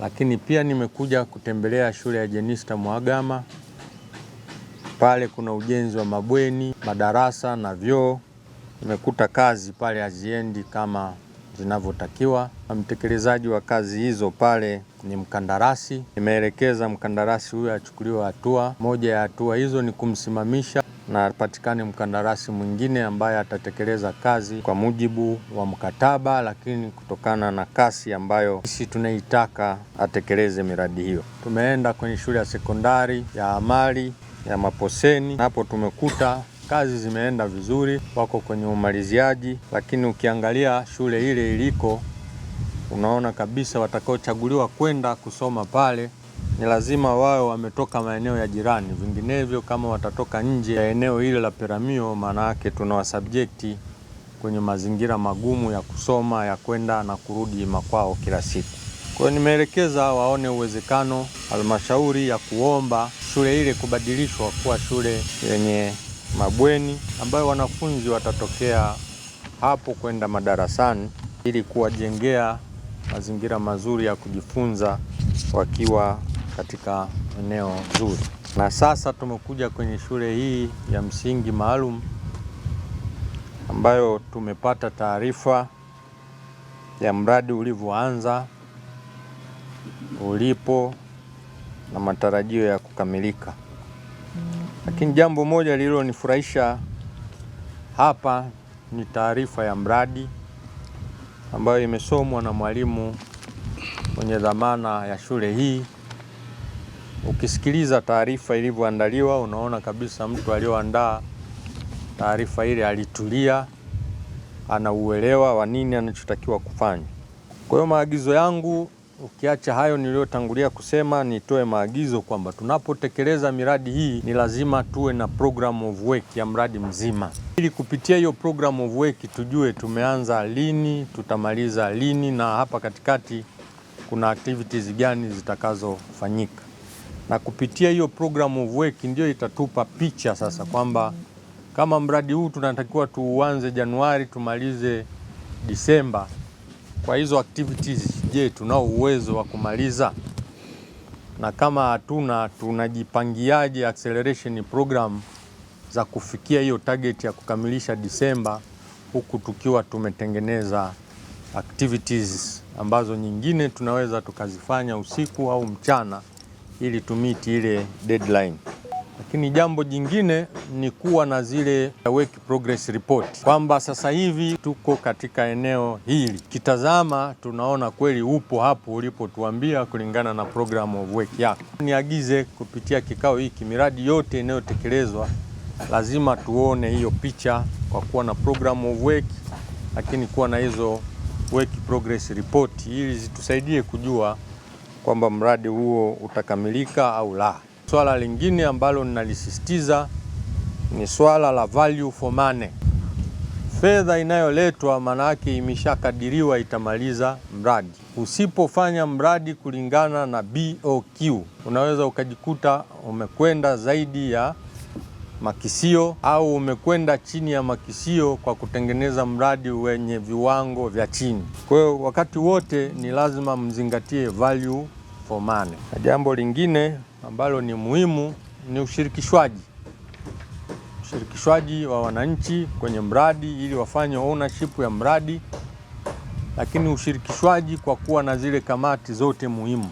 lakini pia nimekuja kutembelea shule ya Jenista Mhagama. Pale kuna ujenzi wa mabweni, madarasa na vyoo. Nimekuta kazi pale haziendi kama zinavyotakiwa. Mtekelezaji wa kazi hizo pale ni mkandarasi. Nimeelekeza mkandarasi huyo achukuliwe hatua. Moja ya hatua hizo ni kumsimamisha na patikane mkandarasi mwingine ambaye atatekeleza kazi kwa mujibu wa mkataba, lakini kutokana na kasi ambayo sisi tunaitaka atekeleze miradi hiyo. Tumeenda kwenye shule ya sekondari ya amali ya Maposeni, hapo tumekuta kazi zimeenda vizuri, wako kwenye umaliziaji, lakini ukiangalia shule ile iliko, unaona kabisa watakaochaguliwa kwenda kusoma pale ni lazima wao wametoka maeneo ya jirani, vinginevyo kama watatoka nje ya eneo hili la Peramiho, maana yake tunawasubjekti kwenye mazingira magumu ya kusoma, ya kwenda na kurudi makwao kila siku. Kwa hiyo nimeelekeza waone uwezekano halmashauri ya kuomba shule ile kubadilishwa kuwa shule yenye mabweni ambayo wanafunzi watatokea hapo kwenda madarasani ili kuwajengea mazingira mazuri ya kujifunza wakiwa katika eneo zuri. Na sasa tumekuja kwenye shule hii ya msingi maalum ambayo tumepata taarifa ya mradi ulivyoanza, ulipo na matarajio ya kukamilika. Lakini jambo moja lililonifurahisha hapa ni taarifa ya mradi ambayo imesomwa na mwalimu mwenye dhamana ya shule hii Ukisikiliza taarifa ilivyoandaliwa, unaona kabisa mtu aliyoandaa taarifa ile alitulia, ana uelewa wa nini anachotakiwa kufanya. Kwa hiyo maagizo yangu, ukiacha hayo niliyotangulia kusema, nitoe maagizo kwamba tunapotekeleza miradi hii ni lazima tuwe na program of work ya mradi mzima, ili kupitia hiyo program of work tujue tumeanza lini, tutamaliza lini, na hapa katikati kuna activities gani zitakazofanyika na kupitia hiyo program of work ndio itatupa picha sasa kwamba kama mradi huu tunatakiwa tuuanze Januari tumalize Disemba. Kwa hizo activities, je, tunao uwezo wa kumaliza? Na kama hatuna, tunajipangiaje acceleration program za kufikia hiyo target ya kukamilisha Disemba, huku tukiwa tumetengeneza activities ambazo nyingine tunaweza tukazifanya usiku au mchana ili tumiti ile deadline. Lakini jambo jingine ni kuwa na zile work progress report, kwamba sasa hivi tuko katika eneo hili, kitazama tunaona kweli upo hapo ulipotuambia kulingana na program of work yako. Niagize kupitia kikao hiki, miradi yote inayotekelezwa lazima tuone hiyo picha kwa kuwa na program of work, lakini kuwa na hizo work progress report ili zitusaidie kujua kwamba mradi huo utakamilika au la. Swala lingine ambalo ninalisisitiza ni swala la value for money. Fedha inayoletwa maanake imeshakadiriwa itamaliza mradi. Usipofanya mradi kulingana na BOQ, unaweza ukajikuta umekwenda zaidi ya makisio au umekwenda chini ya makisio kwa kutengeneza mradi wenye viwango vya chini. Kwa hiyo wakati wote ni lazima mzingatie value money. Na jambo lingine ambalo ni muhimu ni ushirikishwaji, ushirikishwaji wa wananchi kwenye mradi ili wafanye ownership ya mradi, lakini ushirikishwaji kwa kuwa na zile kamati zote muhimu.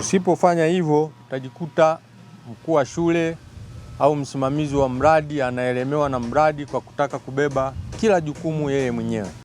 Usipofanya hivyo, utajikuta mkuu wa shule au msimamizi wa mradi anaelemewa na mradi kwa kutaka kubeba kila jukumu yeye mwenyewe.